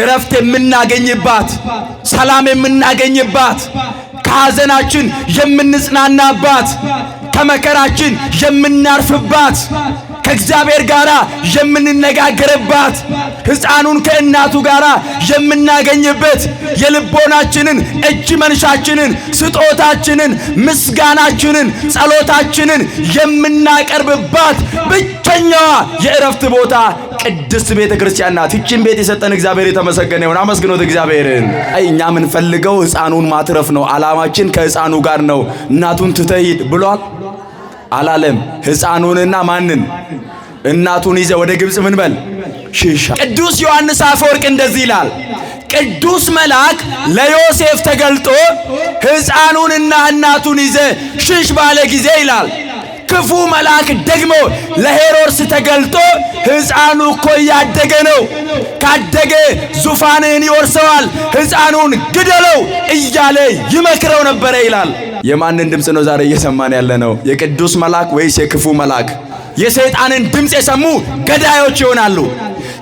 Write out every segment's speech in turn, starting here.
እረፍት የምናገኝባት፣ ሰላም የምናገኝባት፣ ከሐዘናችን የምንጽናናባት፣ ከመከራችን የምናርፍባት ከእግዚአብሔር ጋር የምንነጋገርባት ሕፃኑን ከእናቱ ጋር የምናገኝበት የልቦናችንን እጅ መንሻችንን ስጦታችንን ምስጋናችንን ጸሎታችንን የምናቀርብባት ብቸኛዋ የእረፍት ቦታ ቅድስት ቤተ ክርስቲያን ናት። ይችን ቤት የሰጠን እግዚአብሔር የተመሰገነ ይሁን። አመስግኖት እግዚአብሔርን። እኛ የምንፈልገው ሕፃኑን ማትረፍ ነው። ዓላማችን ከሕፃኑ ጋር ነው። እናቱን ትተሂድ ብሏል። አላለም። ሕፃኑንና ማንን እናቱን ይዘ ወደ ግብፅ ምን በል ሽሻ። ቅዱስ ዮሐንስ አፈወርቅ እንደዚህ ይላል፣ ቅዱስ መልአክ ለዮሴፍ ተገልጦ ሕፃኑንና እናቱን ይዘ ሽሽ ባለ ጊዜ ይላል ክፉ መልአክ ደግሞ ለሄሮድስ ተገልጦ ሕፃኑ እኮ እያደገ ነው፣ ካደገ ዙፋንህን ይወርሰዋል፣ ሕፃኑን ግደለው እያለ ይመክረው ነበረ ይላል። የማንን ድምፅ ነው ዛሬ እየሰማን ያለ ነው? የቅዱስ መልአክ ወይስ የክፉ መልአክ? የሰይጣንን ድምፅ የሰሙ ገዳዮች ይሆናሉ።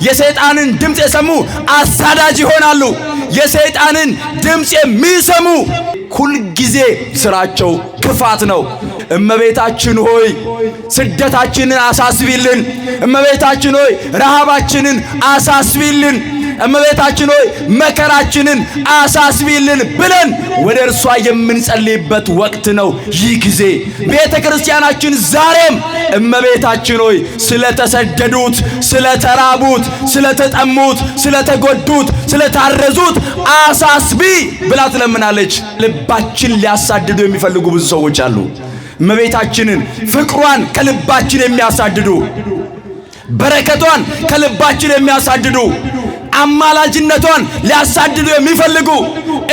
የሰይጣንን ድምፅ የሰሙ አሳዳጅ ይሆናሉ። የሰይጣንን ድምፅ የሚሰሙ ሁልጊዜ ስራቸው ክፋት ነው። እመቤታችን ሆይ ስደታችንን አሳስቢልን። እመቤታችን ሆይ ረሃባችንን አሳስቢልን። እመቤታችን ሆይ መከራችንን አሳስቢልን ብለን ወደ እርሷ የምንጸልይበት ወቅት ነው ይህ ጊዜ። ቤተ ክርስቲያናችን ዛሬም እመቤታችን ሆይ ስለተሰደዱት፣ ስለተራቡት፣ ስለተጠሙት፣ ስለተጎዱት፣ ስለታረዙት አሳስቢ ብላ ትለምናለች። ልባችን ሊያሳድዱ የሚፈልጉ ብዙ ሰዎች አሉ። እመቤታችንን ፍቅሯን ከልባችን የሚያሳድዱ በረከቷን ከልባችን የሚያሳድዱ አማላጅነቷን ሊያሳድዱ የሚፈልጉ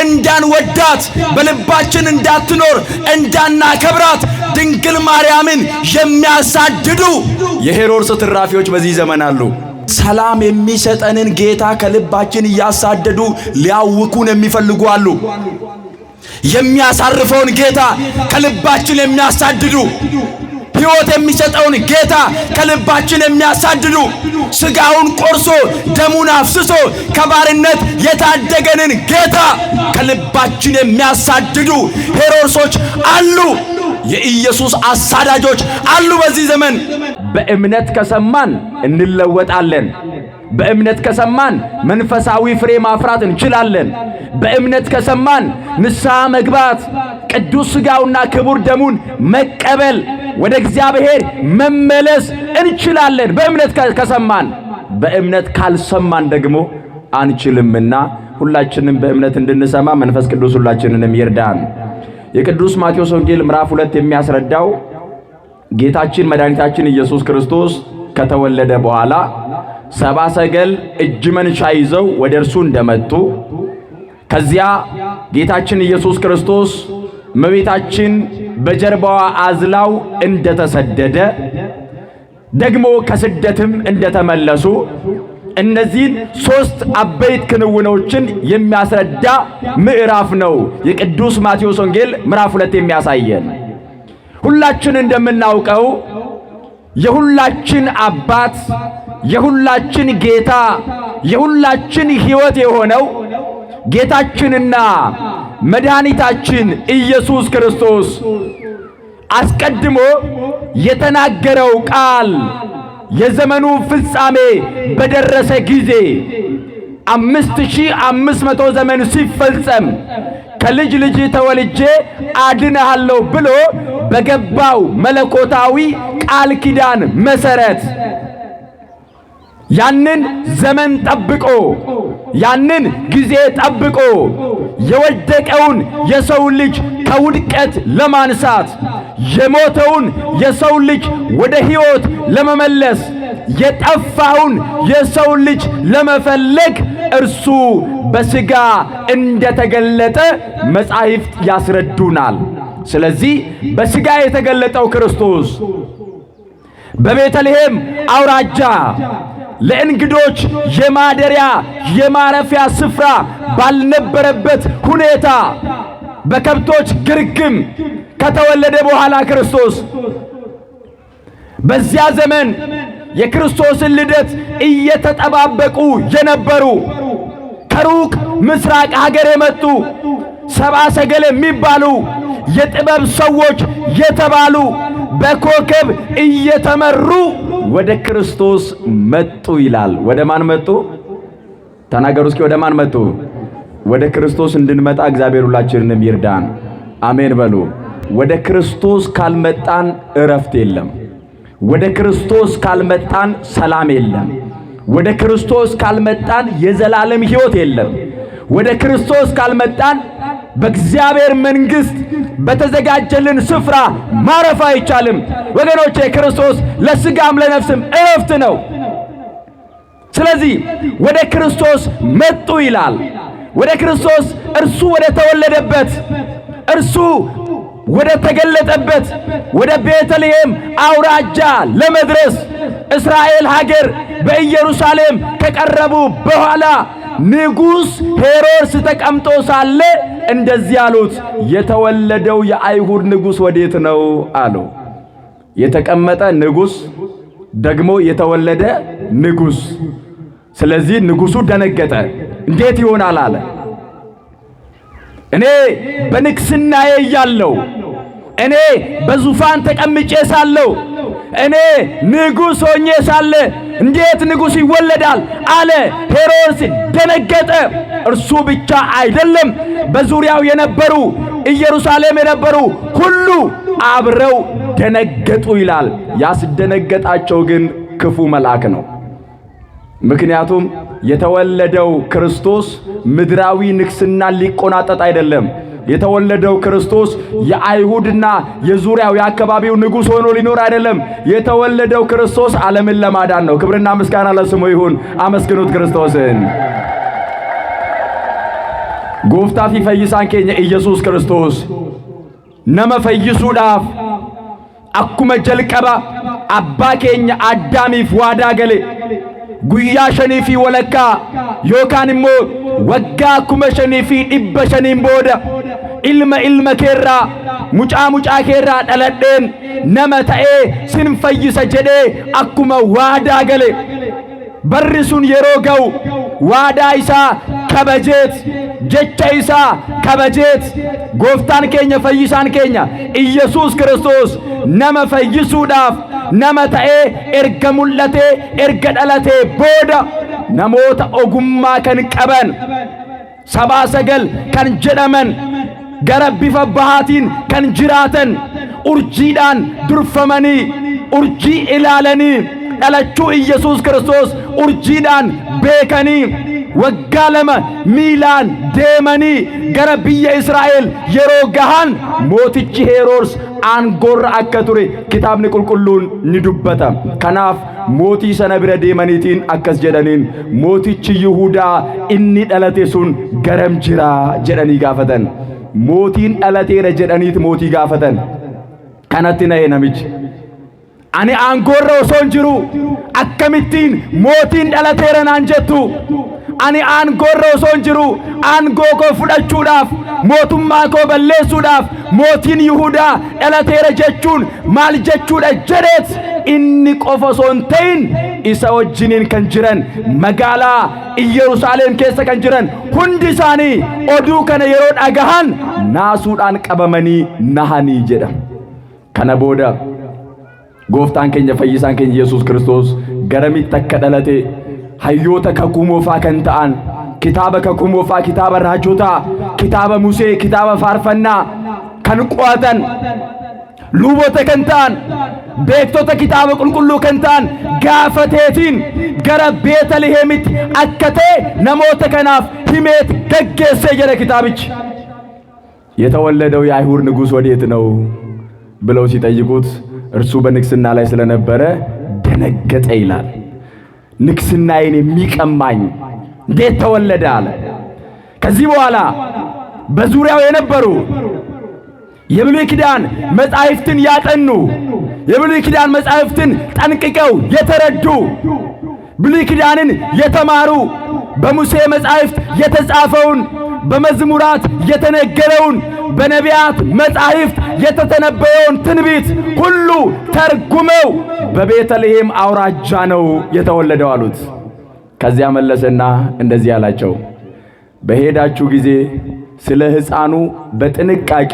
እንዳንወዳት በልባችን እንዳትኖር እንዳናከብራት ድንግል ማርያምን የሚያሳድዱ የሄሮድስ ትራፊዎች በዚህ ዘመን አሉ። ሰላም የሚሰጠንን ጌታ ከልባችን እያሳደዱ ሊያውኩን የሚፈልጉ አሉ። የሚያሳርፈውን ጌታ ከልባችን የሚያሳድዱ ሕይወት የሚሰጠውን ጌታ ከልባችን የሚያሳድዱ ሥጋውን ቆርሶ ደሙን አፍስሶ ከባርነት የታደገንን ጌታ ከልባችን የሚያሳድዱ ሄሮድሶች አሉ። የኢየሱስ አሳዳጆች አሉ። በዚህ ዘመን በእምነት ከሰማን እንለወጣለን። በእምነት ከሰማን መንፈሳዊ ፍሬ ማፍራት እንችላለን። በእምነት ከሰማን ንስሐ መግባት፣ ቅዱስ ሥጋውና ክቡር ደሙን መቀበል ወደ እግዚአብሔር መመለስ እንችላለን፣ በእምነት ከሰማን። በእምነት ካልሰማን ደግሞ አንችልምና ሁላችንም በእምነት እንድንሰማ መንፈስ ቅዱስ ሁላችንንም ይርዳን። የቅዱስ ማቴዎስ ወንጌል ምዕራፍ ሁለት የሚያስረዳው ጌታችን መድኃኒታችን ኢየሱስ ክርስቶስ ከተወለደ በኋላ ሰባ ሰገል እጅ መንሻ ይዘው ወደ እርሱ እንደመጡ ከዚያ ጌታችን ኢየሱስ ክርስቶስ እመቤታችን በጀርባዋ አዝላው እንደተሰደደ ደግሞ ከስደትም እንደተመለሱ እነዚህን ሶስት አበይት ክንውኖችን የሚያስረዳ ምዕራፍ ነው የቅዱስ ማቴዎስ ወንጌል ምዕራፍ ሁለት የሚያሳየን። ሁላችን እንደምናውቀው የሁላችን አባት የሁላችን ጌታ የሁላችን ሕይወት የሆነው ጌታችንና መድኃኒታችን ኢየሱስ ክርስቶስ አስቀድሞ የተናገረው ቃል የዘመኑ ፍጻሜ በደረሰ ጊዜ አምስት ሺህ አምስት መቶ ዘመን ሲፈጸም ከልጅ ልጅ ተወልጄ አድንሃለሁ ብሎ በገባው መለኮታዊ ቃል ኪዳን መሰረት ያንን ዘመን ጠብቆ ያንን ጊዜ ጠብቆ የወደቀውን የሰው ልጅ ከውድቀት ለማንሳት የሞተውን የሰው ልጅ ወደ ሕይወት ለመመለስ የጠፋውን የሰው ልጅ ለመፈለግ እርሱ በሥጋ እንደተገለጠ መጻሕፍት ያስረዱናል። ስለዚህ በሥጋ የተገለጠው ክርስቶስ በቤተልሔም አውራጃ ለእንግዶች የማደሪያ የማረፊያ ስፍራ ባልነበረበት ሁኔታ በከብቶች ግርግም ከተወለደ በኋላ ክርስቶስ በዚያ ዘመን የክርስቶስን ልደት እየተጠባበቁ የነበሩ ከሩቅ ምስራቅ ሀገር የመጡ ሰብአ ሰገል የሚባሉ የጥበብ ሰዎች የተባሉ በኮከብ እየተመሩ ወደ ክርስቶስ መጡ ይላል። ወደ ማን መጡ? ተናገሩ እስኪ ወደ ማን መጡ? ወደ ክርስቶስ እንድንመጣ እግዚአብሔር ሁላችንንም ይርዳን። አሜን በሉ። ወደ ክርስቶስ ካልመጣን እረፍት የለም። ወደ ክርስቶስ ካልመጣን ሰላም የለም። ወደ ክርስቶስ ካልመጣን የዘላለም ሕይወት የለም። ወደ ክርስቶስ ካልመጣን በእግዚአብሔር መንግሥት በተዘጋጀልን ስፍራ ማረፍ አይቻልም። ወገኖቼ ክርስቶስ ለሥጋም ለነፍስም እረፍት ነው። ስለዚህ ወደ ክርስቶስ መጡ ይላል። ወደ ክርስቶስ እርሱ ወደ ተወለደበት እርሱ ወደ ተገለጠበት ወደ ቤተልሔም አውራጃ ለመድረስ እስራኤል ሀገር በኢየሩሳሌም ከቀረቡ በኋላ ንጉሥ ሄሮድስ ተቀምጦ ሳለ እንደዚህ አሉት፣ የተወለደው የአይሁድ ንጉሥ ወዴት ነው አሉ። የተቀመጠ ንጉሥ ደግሞ የተወለደ ንጉሥ። ስለዚህ ንጉሡ ደነገጠ። እንዴት ይሆናል አለ። እኔ በንግስናዬ እያለው እኔ በዙፋን ተቀምጬ ሳለው እኔ ንጉሥ ሆኜ ሳለ እንዴት ንጉሥ ይወለዳል አለ። ሄሮድስ ደነገጠ። እርሱ ብቻ አይደለም፣ በዙሪያው የነበሩ ኢየሩሳሌም የነበሩ ሁሉ አብረው ደነገጡ ይላል። ያስደነገጣቸው ግን ክፉ መልአክ ነው። ምክንያቱም የተወለደው ክርስቶስ ምድራዊ ንግሥናን ሊቆናጠጥ አይደለም የተወለደው ክርስቶስ የአይሁድና የዙሪያው የአካባቢው ንጉሥ ሆኖ ሊኖር አይደለም። የተወለደው ክርስቶስ ዓለምን ለማዳን ነው። ክብርና ምስጋና ለስሙ ይሁን። አመስግኑት ክርስቶስን። ጎፍታፊ ፈይሳን ኬኛ ኢየሱስ ክርስቶስ ነመ ፈይሱ ዳፍ አኩመ ጀልቀባ አባ ኬኛ አዳሚፍ ዋዳ ገሌ guyyaa shaniifi walakkaa yookaan immoo waggaa kuma shaniifi dhibba shaniin booda ilma ilma keerraa mucaa mucaa keerraa dhaladheen nama ta'ee sin fayyisa jedhee akkuma waadaa gale barri sun yeroo ga'u waadaa isaa kabajeet jecha isaa kabajeet gooftaan keenya fayyisaan keenya iyyasuus kiristoos nama fayyisuudhaaf nama ta'ee erga mul'atee erga dhalatee booda namoota ogummaa kan qaban sabaa sagal kan jedhaman gara bifa bahaatiin kan jiraatan urjiidhaan durfamanii urjii ilaalanii dhalachuu Iyyasuus Kiristoos urjiidhaan beekanii ወጋለመ ሚላን ዴመኒ ገረ ብየ እስራኤል የሮ ጋሃን mootichi heeroors aangoorra akka ture kitaabni qulqulluun ni dubbata kanaaf mootii sana bira deemaniitiin akkas jedhaniin mootichi yihudaa inni dhalate sun garam jira jedhanii gaafatan mootiin dhalateera jedhaniit mootii gaafatan kanatti na'e namichi ani aangoorra osoo hin jiru akkamittiin mootiin dhalateera naan jettu ani aangoo osoo hin jiru aangoo koo fudhachuudhaaf mootummaa koo balleessuudhaaf mootiin Yihudaa dhalateera jechuun maal jechuudha jedheet inni qofa osoo hin ta'in isa wajjiniin kan jiran magaalaa Iyyerusaalem keessa kan jiran hundi isaanii oduu kana yeroo dhagahan naasuudhaan qabamanii nahanii jedha. Kana booda gooftaan keenya fayyisaan keenya Yesuus Kiristoos garamitti akka dhalate ሀዮተ ከኩሞፋ ከንተአን ኪታበ ከኩሞፋ ኪታበ ራጆታ ኪታበ ሙሴ ኪታበ ፋርፈና ከንቋተን ሉቦተ ከንተአን beektoota kitaaba qulqulluu kan ta'an gaafateetiin gara beetalihemitti akka ta'e namoota kanaaf himeet geggeessee jedhe kitaabichi። የተወለደው የአይሁድ ንጉሥ ወዴት ነው ብለው ሲጠይቁት እርሱ በንግሥና ላይ ስለነበረ ደነገጠ ይላል። ንግስናዬን የሚቀማኝ እንዴት ተወለደ አለ። ከዚህ በኋላ በዙሪያው የነበሩ የብሉይ ኪዳን መጻሕፍትን ያጠኑ የብሉይ ኪዳን መጻሕፍትን ጠንቅቀው የተረዱ ብሉይ ኪዳንን የተማሩ በሙሴ መጻሕፍት የተጻፈውን በመዝሙራት የተነገረውን በነቢያት መጻሕፍት የተተነበየውን ትንቢት ሁሉ ተርጉመው በቤተልሔም አውራጃ ነው የተወለደው አሉት። ከዚያ መለሰና እንደዚህ አላቸው፣ በሄዳችሁ ጊዜ ስለ ሕፃኑ በጥንቃቄ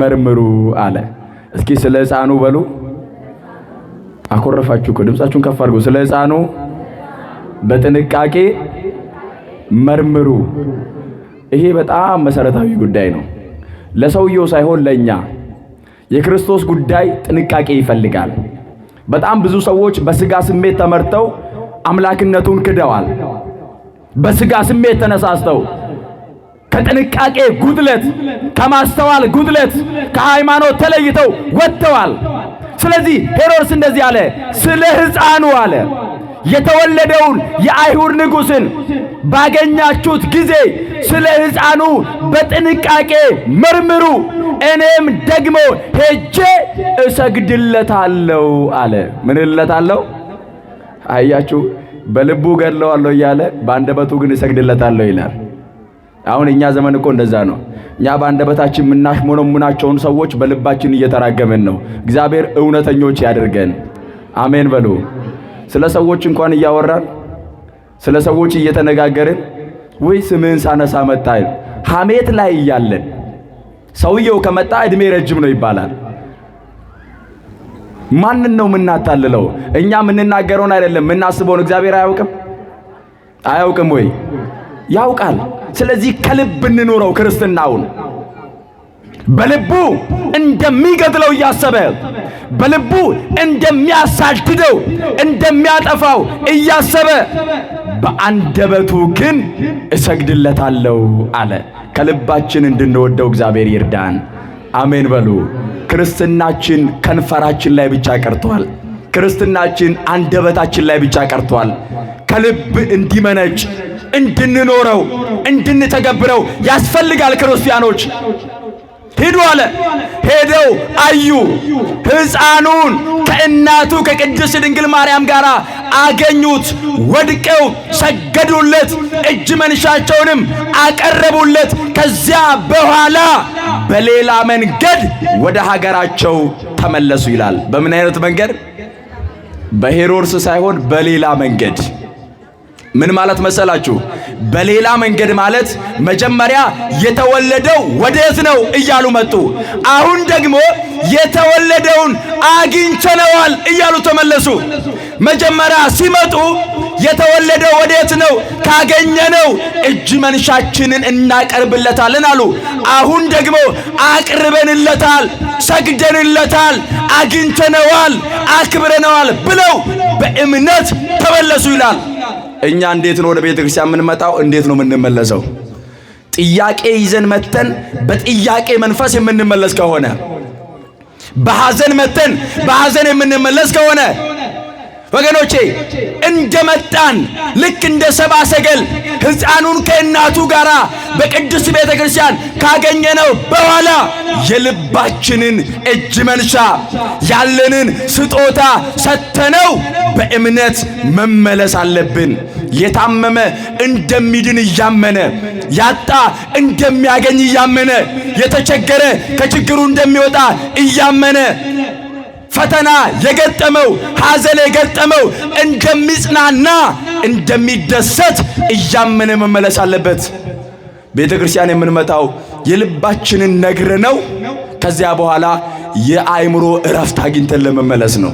መርምሩ አለ። እስኪ ስለ ሕፃኑ በሉ። አኮረፋችሁ እኮ ድምፃችሁን ከፍ አድርጉ። ስለ ሕፃኑ በጥንቃቄ መርምሩ ይሄ በጣም መሰረታዊ ጉዳይ ነው። ለሰውየው ሳይሆን ለእኛ የክርስቶስ ጉዳይ ጥንቃቄ ይፈልጋል። በጣም ብዙ ሰዎች በስጋ ስሜት ተመርተው አምላክነቱን ክደዋል። በስጋ ስሜት ተነሳስተው ከጥንቃቄ ጉድለት፣ ከማስተዋል ጉድለት፣ ከሃይማኖት ተለይተው ወጥተዋል። ስለዚህ ሄሮድስ እንደዚህ አለ፣ ስለ ሕፃኑ አለ የተወለደውን የአይሁድ ንጉሥን ባገኛችሁት ጊዜ ስለ ሕፃኑ በጥንቃቄ መርምሩ፣ እኔም ደግሞ ሄጄ እሰግድለታለሁ አለ። ምንልለታለሁ? አያችሁ፣ በልቡ ገድለዋለሁ እያለ በአንደበቱ ግን እሰግድለታለሁ ይላል። አሁን እኛ ዘመን እኮ እንደዛ ነው። እኛ በአንደበታችን ሞኖሙናቸውን ሰዎች በልባችን እየተራገመን ነው። እግዚአብሔር እውነተኞች ያደርገን አሜን በሉ። ስለ ሰዎች እንኳን እያወራን ስለ ሰዎች እየተነጋገርን ወይ ስምህን ሳነሳ መጣ ሐሜት ላይ እያለን ሰውየው ከመጣ እድሜ ረጅም ነው ይባላል። ማንን ነው የምናታልለው? እኛ የምንናገረውን አይደለም የምናስበውን እግዚአብሔር አያውቅም። አያውቅም ወይ? ያውቃል። ስለዚህ ከልብ ብንኖረው ክርስትናውን። በልቡ እንደሚገድለው እያሰበ በልቡ እንደሚያሳድደው እንደሚያጠፋው እያሰበ በአንደበቱ ግን እሰግድለታለሁ አለ። ከልባችን እንድንወደው እግዚአብሔር ይርዳን። አሜን በሉ። ክርስትናችን ከንፈራችን ላይ ብቻ ቀርቷል። ክርስትናችን አንደበታችን ላይ ብቻ ቀርቷል። ከልብ እንዲመነጭ እንድንኖረው እንድንተገብረው ያስፈልጋል ክርስቲያኖች ሂዱ አለ። ሄደው አዩ። ሕፃኑን ከእናቱ ከቅድስት ድንግል ማርያም ጋር አገኙት። ወድቀው ሰገዱለት፣ እጅ መንሻቸውንም አቀረቡለት። ከዚያ በኋላ በሌላ መንገድ ወደ ሀገራቸው ተመለሱ ይላል። በምን አይነት መንገድ? በሄሮድስ ሳይሆን በሌላ መንገድ ምን ማለት መሰላችሁ? በሌላ መንገድ ማለት መጀመሪያ የተወለደው ወዴት ነው እያሉ መጡ። አሁን ደግሞ የተወለደውን አግኝተነዋል እያሉ ተመለሱ። መጀመሪያ ሲመጡ የተወለደው ወዴት ነው? ካገኘነው እጅ መንሻችንን እናቀርብለታልን አሉ። አሁን ደግሞ አቅርበንለታል፣ ሰግደንለታል፣ አግኝተነዋል፣ አክብረነዋል ብለው በእምነት ተመለሱ ይላል። እኛ እንዴት ነው ወደ ቤተ ክርስቲያን የምንመጣው? እንዴት ነው የምንመለሰው? ጥያቄ ይዘን መተን በጥያቄ መንፈስ የምንመለስ ከሆነ፣ በሐዘን መተን በሐዘን የምንመለስ ከሆነ ወገኖቼ እንደመጣን ልክ እንደ ሰብአ ሰገል ሕፃኑን ከእናቱ ጋር በቅዱስ ቤተ ክርስቲያን ካገኘነው በኋላ የልባችንን እጅ መንሻ ያለንን ስጦታ ሰጥተነው በእምነት መመለስ አለብን። የታመመ እንደሚድን እያመነ ያጣ እንደሚያገኝ እያመነ የተቸገረ ከችግሩ እንደሚወጣ እያመነ ፈተና የገጠመው ሐዘን የገጠመው እንደሚጽናና እንደሚደሰት እያመነ መመለስ አለበት። ቤተ ክርስቲያን የምንመጣው የልባችንን ነግር ነው። ከዚያ በኋላ የአእምሮ እረፍት አግኝተን ለመመለስ ነው።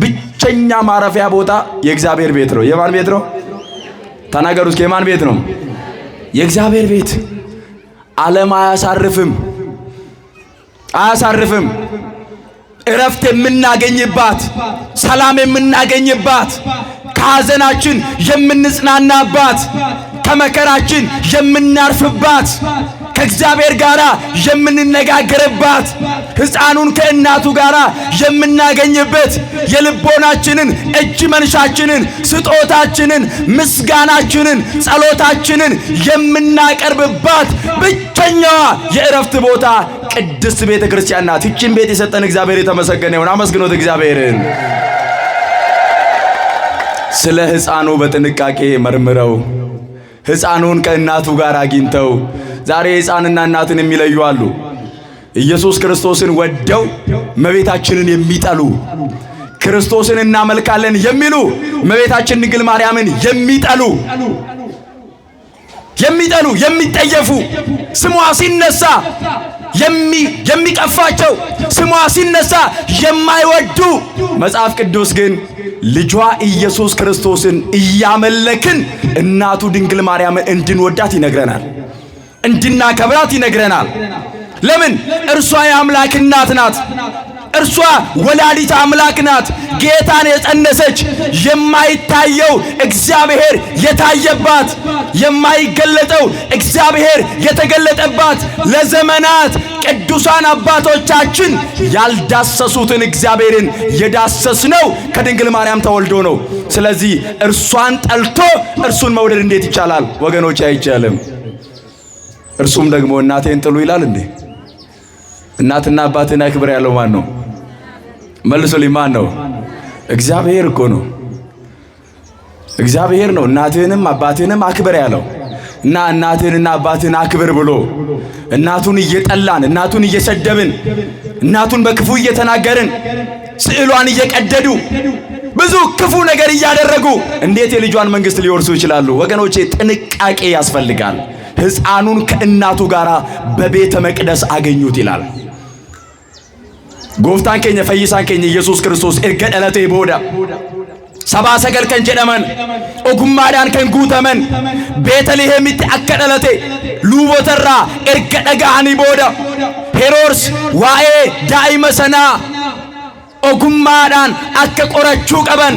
ብቸኛ ማረፊያ ቦታ የእግዚአብሔር ቤት ነው። የማን ቤት ነው? ተናገሩት። የማን ቤት ነው? የእግዚአብሔር ቤት። ዓለም አያሳርፍም፣ አያሳርፍም። እረፍት የምናገኝባት፣ ሰላም የምናገኝባት፣ ከሐዘናችን የምንጽናናባት፣ ከመከራችን የምናርፍባት፣ ከእግዚአብሔር ጋር የምንነጋገርባት፣ ሕፃኑን ከእናቱ ጋር የምናገኝበት፣ የልቦናችንን እጅ መንሻችንን፣ ስጦታችንን፣ ምስጋናችንን፣ ጸሎታችንን የምናቀርብባት ብቸኛዋ የእረፍት ቦታ ቅድስት ቤተ ክርስቲያን ናት። ይችን ቤት የሰጠን እግዚአብሔር የተመሰገነ ይሁን። አመስግኖት እግዚአብሔርን። ስለ ሕፃኑ በጥንቃቄ መርምረው ሕፃኑን ከእናቱ ጋር አግኝተው ዛሬ ሕፃንና እናትን የሚለዩ አሉ። ኢየሱስ ክርስቶስን ወደው እመቤታችንን የሚጠሉ ክርስቶስን እናመልካለን የሚሉ እመቤታችን ድንግል ማርያምን የሚጠሉ የሚጠሉ የሚጠየፉ ስሟ ሲነሳ የሚቀፋቸው ስሟ ሲነሳ የማይወዱ መጽሐፍ ቅዱስ ግን ልጇ ኢየሱስ ክርስቶስን እያመለክን እናቱ ድንግል ማርያምን እንድንወዳት ይነግረናል፣ እንድናከብራት ይነግረናል። ለምን? እርሷ የአምላክ እናት ናት። እርሷ ወላዲት አምላክ ናት፣ ጌታን የጸነሰች የማይታየው እግዚአብሔር የታየባት የማይገለጠው እግዚአብሔር የተገለጠባት ለዘመናት ቅዱሳን አባቶቻችን ያልዳሰሱትን እግዚአብሔርን የዳሰስነው ከድንግል ማርያም ተወልዶ ነው። ስለዚህ እርሷን ጠልቶ እርሱን መውደድ እንዴት ይቻላል? ወገኖች አይቻልም። እርሱም ደግሞ እናቴን ጥሉ ይላል እንዴ? እናትና አባትን አክብር ያለው ማን ነው? መልሱልኝ። ማን ነው? እግዚአብሔር እኮ ነው። እግዚአብሔር ነው እናትህንም አባትህንም አክብር ያለው እና እናትህንና አባትህን አክብር ብሎ እናቱን እየጠላን እናቱን እየሰደብን እናቱን በክፉ እየተናገርን ስዕሏን እየቀደዱ ብዙ ክፉ ነገር እያደረጉ እንዴት የልጇን መንግሥት ሊወርሱ ይችላሉ? ወገኖቼ ጥንቃቄ ያስፈልጋል። ሕፃኑን ከእናቱ ጋር በቤተ መቅደስ አገኙት ይላል። gooftaan keenya fayyisaan keenya Yesuus Kiristoos erga dhalatee booda sabaa sagal kan jedhaman ogummaadhaan kan guutaman beetlehemitti akka dhalate luubotarraa erga dhaga'ani booda Heroods waa'ee daa'ima sanaa ogummaadhaan akka qorachuu qaban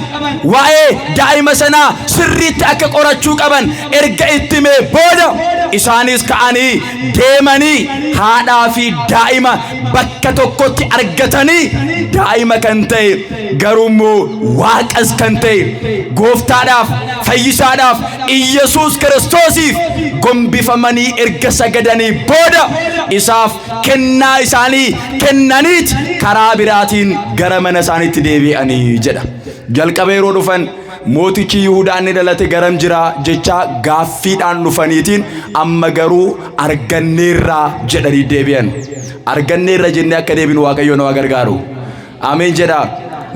waa'ee daa'ima sanaa sirriitti akka qorachuu qaban erga itti himee booda isaanis ka'anii deemanii haadhaa fi daa'ima bakka tokkotti argatanii daa'ima kan ta'e garuummoo waaqas kan ta'e gooftaadhaaf fayyisaadhaaf iyyesuus kiristoosiif gombifamanii erga sagadanii booda isaaf kennaa isaanii kennaniit karaa biraatiin gara mana isaaniitti deebi'anii jedha. Jalqabee yeroo dhufan mootichi Yihuudaan ni dhalate garam jira jecha gaaffiidhaan dhufaniitiin amma garuu arganneerraa jedhanii deebi'an. Arganneerra jennee akka deebinu waaqayyoon waa gargaaru. Ameen jedha.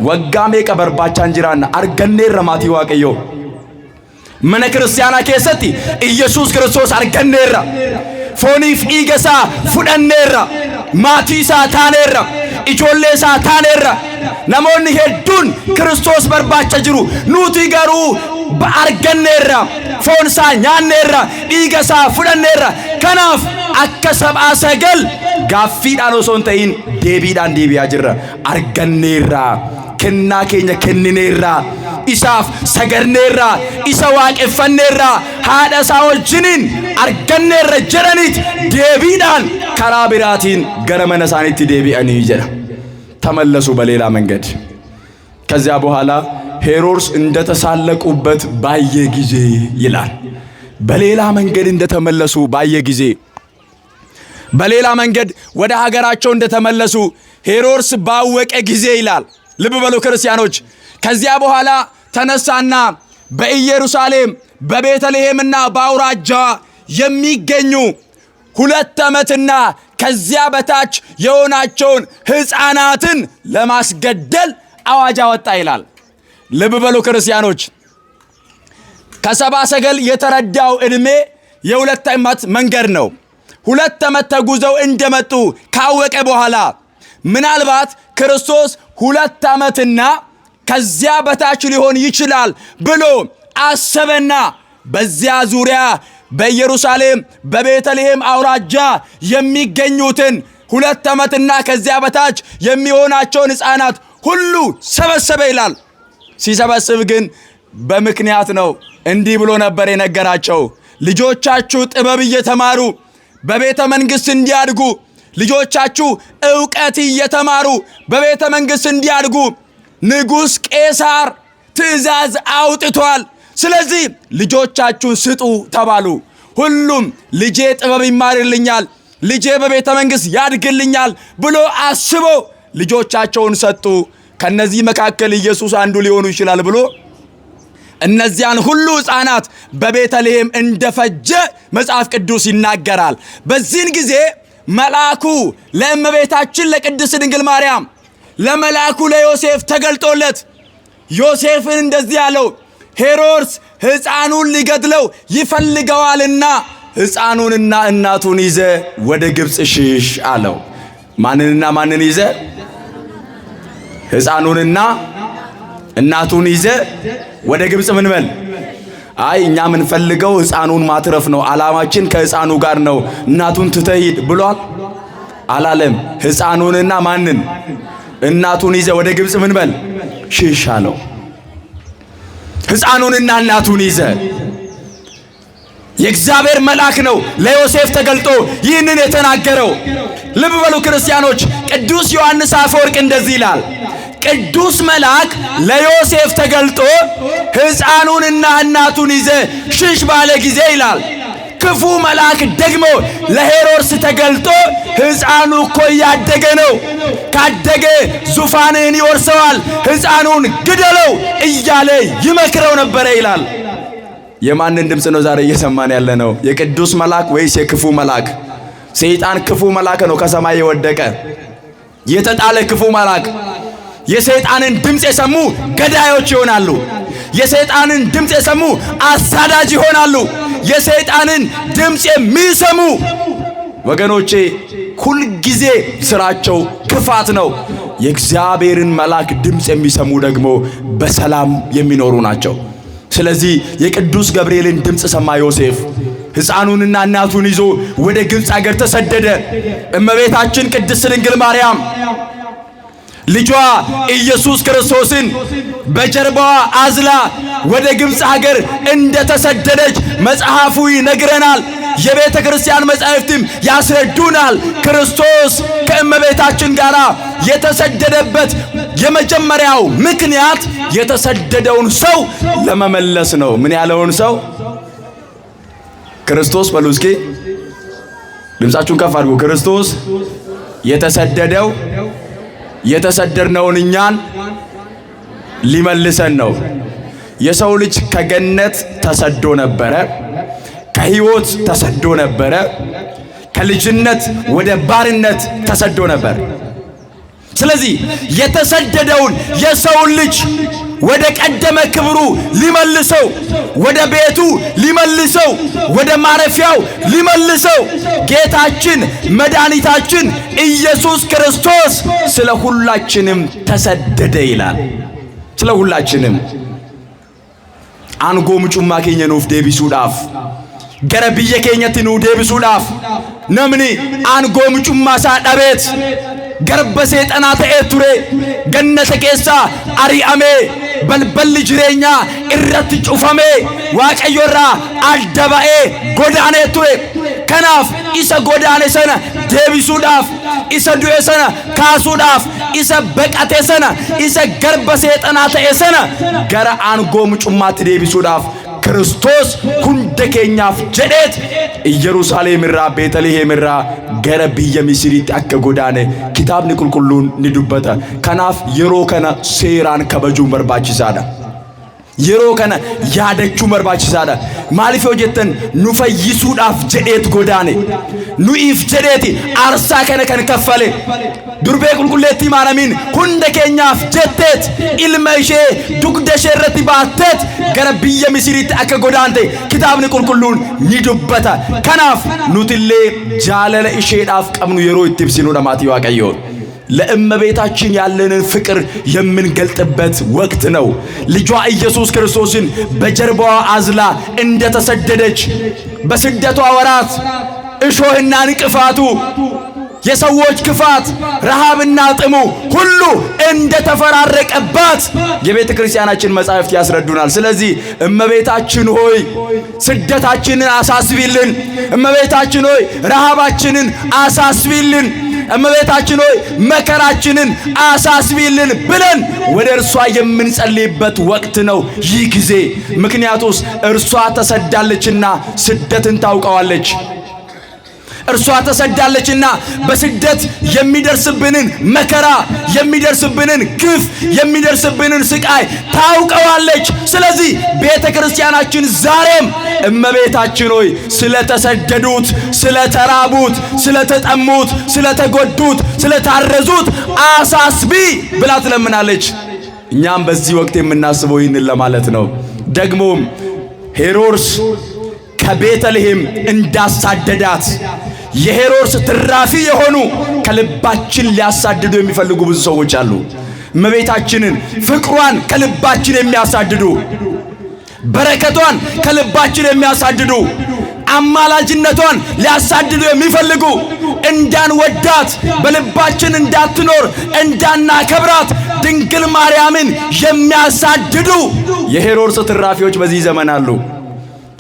Waggaa meeqa barbaachaan jiraanna arganneerra maatii waaqayyoo. mana kiristaanaa keessatti Iyyasuus Kiristoos arganneerra. Fooniif dhiiga isaa fudhanneerra. Maatii isaa taaneerra. Ijoollee isaa taaneerra. Namoonni hedduun Kiristoos barbaacha jiru. Nuti garuu arganneerra. Foon isaa nyaanneerra. Dhiiga isaa fudhanneerra. Kanaaf akka sab'aa sagal gaaffiidhaan osoo hin ta'in deebiidhaan deebi'aa jirra. Arganneerra. Kennaa keenya kennineerra. isaaf sagarneerra isa waaqeffanneerra haadha isaa wajjiniin arganneerra jedhaniit deebiidhaan karaa biraatiin gara mana isaaniitti deebi'anii jedha ተመለሱ በሌላ መንገድ። ከዚያ በኋላ ሄሮድስ እንደተሳለቁበት ባየ ጊዜ ይላል። በሌላ መንገድ እንደተመለሱ ባየ ጊዜ በሌላ መንገድ ወደ ሀገራቸው እንደተመለሱ ሄሮድስ ባወቀ ጊዜ ይላል። ልብ በሉ ክርስቲያኖች። ከዚያ በኋላ ተነሳና በኢየሩሳሌም በቤተልሔምና በአውራጃዋ የሚገኙ ሁለት ዓመትና ከዚያ በታች የሆናቸውን ሕፃናትን ለማስገደል አዋጅ አወጣ ይላል። ልብ በሉ ክርስቲያኖች፣ ከሰባ ሰገል የተረዳው ዕድሜ የሁለት ዓመት መንገድ ነው። ሁለት ዓመት ተጉዘው እንደመጡ ካወቀ በኋላ ምናልባት ክርስቶስ ሁለት ዓመትና ከዚያ በታች ሊሆን ይችላል ብሎ አሰበና በዚያ ዙሪያ በኢየሩሳሌም በቤተልሔም አውራጃ የሚገኙትን ሁለት ዓመትና ከዚያ በታች የሚሆናቸውን ሕፃናት ሁሉ ሰበሰበ ይላል። ሲሰበስብ ግን በምክንያት ነው። እንዲህ ብሎ ነበር የነገራቸው፣ ልጆቻችሁ ጥበብ እየተማሩ በቤተ መንግሥት እንዲያድጉ ልጆቻችሁ እውቀት እየተማሩ በቤተ መንግሥት እንዲያድጉ ንጉሥ ቄሳር ትእዛዝ አውጥቷል፣ ስለዚህ ልጆቻችሁን ስጡ ተባሉ። ሁሉም ልጄ ጥበብ ይማርልኛል፣ ልጄ በቤተ መንግሥት ያድግልኛል ብሎ አስበው ልጆቻቸውን ሰጡ። ከነዚህ መካከል ኢየሱስ አንዱ ሊሆኑ ይችላል ብሎ እነዚያን ሁሉ ሕፃናት በቤተልሔም እንደፈጀ መጽሐፍ ቅዱስ ይናገራል። በዚህን ጊዜ መልአኩ ለእመቤታችን ለቅድስት ድንግል ማርያም ለመልአኩ ለዮሴፍ ተገልጦለት ዮሴፍን እንደዚህ ያለው ሄሮድስ ሕፃኑን ሊገድለው ይፈልገዋልና ሕፃኑንና እናቱን ይዘ ወደ ግብፅ ሽሽ አለው። ማንንና ማንን ይዘ? ሕፃኑንና እናቱን ይዘ ወደ ግብፅ ምን በል? አይ እኛ የምንፈልገው ሕፃኑን ማትረፍ ነው። ዓላማችን ከሕፃኑ ጋር ነው። እናቱን ትተሂድ ብሏል አላለም። ሕፃኑንና ማንን እናቱን ይዘ ወደ ግብፅ ምን በል ሽሽ ህፃኑን ሕፃኑንና እናቱን ይዘ የእግዚአብሔር መልአክ ነው ለዮሴፍ ተገልጦ ይህንን የተናገረው። ልብ በሉ ክርስቲያኖች፣ ቅዱስ ዮሐንስ አፈወርቅ እንደዚህ ይላል። ቅዱስ መልአክ ለዮሴፍ ተገልጦ ሕፃኑንና እናቱን ይዘ ሽሽ ባለ ጊዜ ይላል ክፉ መልአክ ደግሞ ለሄሮድስ ተገልጦ ሕፃኑ እኮ እያደገ ነው፣ ካደገ ዙፋንህን ይወርሰዋል፣ ሕፃኑን ግደለው እያለ ይመክረው ነበረ ይላል። የማንን ድምፅ ነው ዛሬ እየሰማን ያለ ነው? የቅዱስ መልአክ ወይስ የክፉ መልአክ? ሰይጣን ክፉ መልአክ ነው፣ ከሰማይ የወደቀ የተጣለ ክፉ መልአክ። የሰይጣንን ድምፅ የሰሙ ገዳዮች ይሆናሉ። የሰይጣንን ድምፅ የሰሙ አሳዳጅ ይሆናሉ። የሰይጣንን ድምፅ የሚሰሙ ወገኖቼ ሁልጊዜ ስራቸው ክፋት ነው። የእግዚአብሔርን መልአክ ድምፅ የሚሰሙ ደግሞ በሰላም የሚኖሩ ናቸው። ስለዚህ የቅዱስ ገብርኤልን ድምፅ ሰማ ዮሴፍ። ሕፃኑንና እናቱን ይዞ ወደ ግብፅ አገር ተሰደደ። እመቤታችን ቅድስት ድንግል ማርያም ልጇ ኢየሱስ ክርስቶስን በጀርባዋ አዝላ ወደ ግብፅ ሀገር እንደተሰደደች መጽሐፉ ይነግረናል። የቤተ ክርስቲያን መጻሕፍትም ያስረዱናል። ክርስቶስ ከእመቤታችን ጋር የተሰደደበት የመጀመሪያው ምክንያት የተሰደደውን ሰው ለመመለስ ነው። ምን ያለውን ሰው ክርስቶስ በሉ እስኪ ድምፃችሁን ከፍ አድርጉ። ክርስቶስ የተሰደደው የተሰደድነውን እኛን ሊመልሰን ነው። የሰው ልጅ ከገነት ተሰዶ ነበረ፣ ከህይወት ተሰዶ ነበረ፣ ከልጅነት ወደ ባርነት ተሰዶ ነበር። ስለዚህ የተሰደደውን የሰውን ልጅ ወደ ቀደመ ክብሩ ሊመልሰው ወደ ቤቱ ሊመልሰው ወደ ማረፊያው ሊመልሰው ጌታችን መድኃኒታችን ኢየሱስ ክርስቶስ ስለ ሁላችንም ተሰደደ ይላል። ስለ ሁላችንም አንጎ ምጩማ ኬኘ ኑፍ ዴቢሱ ዳፍ ገረ ብየ ኬኘትኑ ነምኒ አንጎ ምጩማ ሳ ዳቤት ገርበሴ ጠናተ ኤቱሬ ገነተ ኬሳ አሪአሜ በልበል ጅሬኛ እረት ጩፈሜ ዋቀዮራ አልደባኤ ጎዳኔ ቱሬ ከናፍ ኢሰ ጎዳኔ ሰነ ዴቢሱዳፍ ኢሰ ዱኤ ሰነ ካሱዳፍ ኢሰ በቀቴ ሰነ ኢሰ ገርበሴ ጠናተ ኤ ሰነ ገረ አንጎ ሙጩማት ዴቢሱዳፍ ክርስቶስ ሁንደኬኛፍ ጀዴት ኢየሩሳሌምራ ቤተልሔምራ ገረ ብየ ሚስሪት አከ ጎዳነ ኪታብኒ ቁልቁሉን ኒ ከናፍ የሮ ከነ ሴራን ከበጁን በርባቺሳዳ yeroo kana yaadachuu barbaachisaadha. Maaliif yoo jettan nu fayyisuudhaaf jedheet godaane nu'iif jedheeti aarsaa kana kan kaffale durbee qulqulleettii maanamin hunda keenyaaf jetteet ilma ishee dugda ishee irratti baatteet gara biyya Misiriitti akka godaante kitaabni qulqulluun ni dubbata. Kanaaf nutillee jaalala isheedhaaf qabnu yeroo itti ibsinuudha maatii waaqayyoon. ለእመቤታችን ያለንን ፍቅር የምንገልጥበት ወቅት ነው። ልጇ ኢየሱስ ክርስቶስን በጀርባዋ አዝላ እንደተሰደደች በስደቷ ወራት እሾህና ንቅፋቱ፣ የሰዎች ክፋት፣ ረሃብና ጥሙ ሁሉ እንደተፈራረቀባት የቤተ ክርስቲያናችን መጻሕፍት ያስረዱናል። ስለዚህ እመቤታችን ሆይ ስደታችንን አሳስቢልን። እመቤታችን ሆይ ረሃባችንን አሳስቢልን። እመቤታችን ሆይ መከራችንን አሳስቢልን ብለን ወደ እርሷ የምንጸልይበት ወቅት ነው ይህ ጊዜ። ምክንያቱስ እርሷ ተሰዳለችና ስደትን ታውቀዋለች። እርሷ ተሰዳለችና በስደት የሚደርስብንን መከራ፣ የሚደርስብንን ግፍ፣ የሚደርስብንን ስቃይ ታውቀዋለች። ስለዚህ ቤተ ክርስቲያናችን ዛሬም እመቤታችን ሆይ ስለተሰደዱት፣ ስለተራቡት፣ ስለተጠሙት፣ ስለተጎዱት፣ ስለታረዙት አሳስቢ ብላ ትለምናለች። እኛም በዚህ ወቅት የምናስበው ይህንን ለማለት ነው። ደግሞም ሄሮድስ ከቤተልሔም እንዳሳደዳት የሄሮድስ ትራፊ የሆኑ ከልባችን ሊያሳድዱ የሚፈልጉ ብዙ ሰዎች አሉ። እመቤታችንን ፍቅሯን ከልባችን የሚያሳድዱ በረከቷን ከልባችን የሚያሳድዱ አማላጅነቷን ሊያሳድዱ የሚፈልጉ እንዳንወዳት በልባችን እንዳትኖር እንዳናከብራት ድንግል ማርያምን የሚያሳድዱ የሄሮድስ ትራፊዎች በዚህ ዘመን አሉ።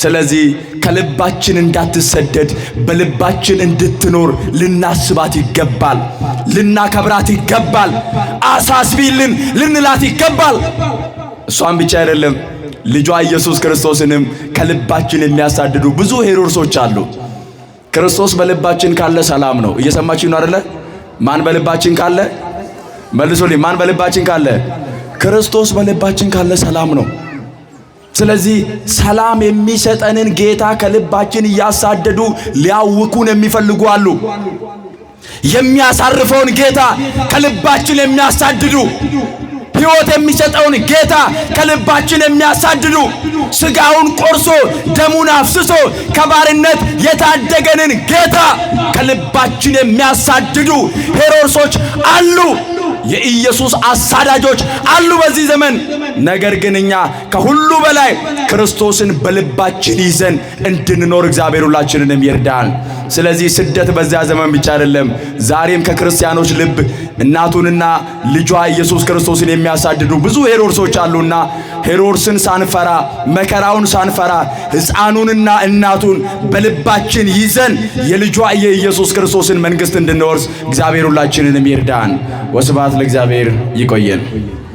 ስለዚህ ከልባችን እንዳትሰደድ በልባችን እንድትኖር ልናስባት ይገባል፣ ልናከብራት ይገባል፣ አሳስቢልን ልንላት ይገባል። እሷም ብቻ አይደለም ልጇ ኢየሱስ ክርስቶስንም ከልባችን የሚያሳድዱ ብዙ ሄሮድሶች አሉ። ክርስቶስ በልባችን ካለ ሰላም ነው። እየሰማችሁ ነው አደለ? ማን በልባችን ካለ መልሶልኝ፣ ማን በልባችን ካለ? ክርስቶስ በልባችን ካለ ሰላም ነው። ስለዚህ ሰላም የሚሰጠንን ጌታ ከልባችን እያሳደዱ ሊያውኩን የሚፈልጉ አሉ። የሚያሳርፈውን ጌታ ከልባችን የሚያሳድዱ ሕይወት የሚሰጠውን ጌታ ከልባችን የሚያሳድዱ ሥጋውን ቆርሶ ደሙን አፍስሶ ከባርነት የታደገንን ጌታ ከልባችን የሚያሳድዱ ሄሮድሶች አሉ። የኢየሱስ አሳዳጆች አሉ በዚህ ዘመን። ነገር ግን እኛ ከሁሉ በላይ ክርስቶስን በልባችን ይዘን እንድንኖር እግዚአብሔር ሁላችንንም ይርዳል። ስለዚህ ስደት በዚያ ዘመን ብቻ አይደለም፣ ዛሬም ከክርስቲያኖች ልብ እናቱንና ልጇ ኢየሱስ ክርስቶስን የሚያሳድዱ ብዙ ሄሮድሶች አሉና ሄሮድስን ሳንፈራ መከራውን ሳንፈራ ሕፃኑንና እናቱን በልባችን ይዘን የልጇ የኢየሱስ ክርስቶስን መንግሥት እንድንወርስ እግዚአብሔር ሁላችንንም ይርዳን። ወስብሐት ለእግዚአብሔር። ይቆየን።